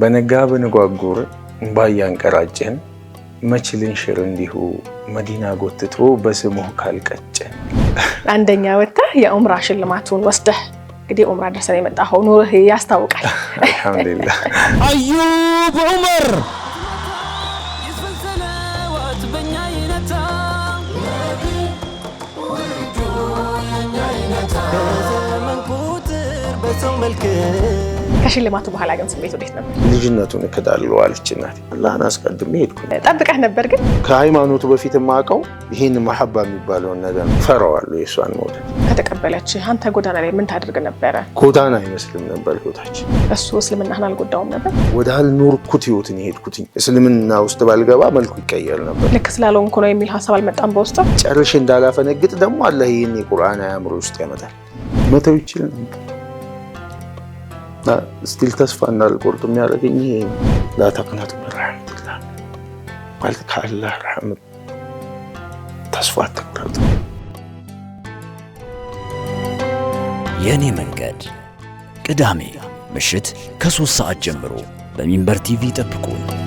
በነጋ በንጓጉር እምባ እያንቀራጨን መች ልንሽር እንዲሁ መዲና ጎትቶ በስሙ ካልቀጨን። አንደኛ ወጥተህ የኡምራ ሽልማቱን ወስደህ እንግዲህ ኡምራ ደርሰን የመጣ ሆኖ ያስታውቃል። አልሐምዱሊላህ አዩብ ዑመር በሰው መልክ ከሽልማቱ በኋላ ግን ስሜት ወዴት ነበር? ልጅነቱን እክዳለሁ አለች አላህን አስቀድሜ ሄድኩ። ጠብቀህ ነበር ግን? ከሃይማኖቱ በፊት የማውቀው ይህን መሐባ የሚባለውን ነገር ፈራዋለሁ። የእሷን መውደድ ከተቀበለች አንተ ጎዳና ላይ ምን ታደርግ ነበረ? ጎዳና አይመስልም ነበር ህይወታችን። እሱ እስልምናህን አልጎዳውም ነበር? ወደ አልኖርኩት ህይወትን የሄድኩትኝ እስልምና ውስጥ ባልገባ መልኩ ይቀየር ነበር። ልክ ስላልሆንኩ ነው የሚል ሀሳብ አልመጣም በውስጥ ጨርሽ እንዳላፈነግጥ ደግሞ አላህ ይህን የቁርአን አእምሮ ውስጥ ያመጣል። መተው ይችል ነበር ስቲል ተስፋ እንዳልቆርጥ የሚያደርገኝ ይሄ ላተቅነቱ ምን ረሕመቲላ ማለት ከአላህ ረሕመት ተስፋ አትቁረጡ። የእኔ መንገድ ቅዳሜ ምሽት ከሶስት ሰዓት ጀምሮ በሚንበር ቲቪ ጠብቁን።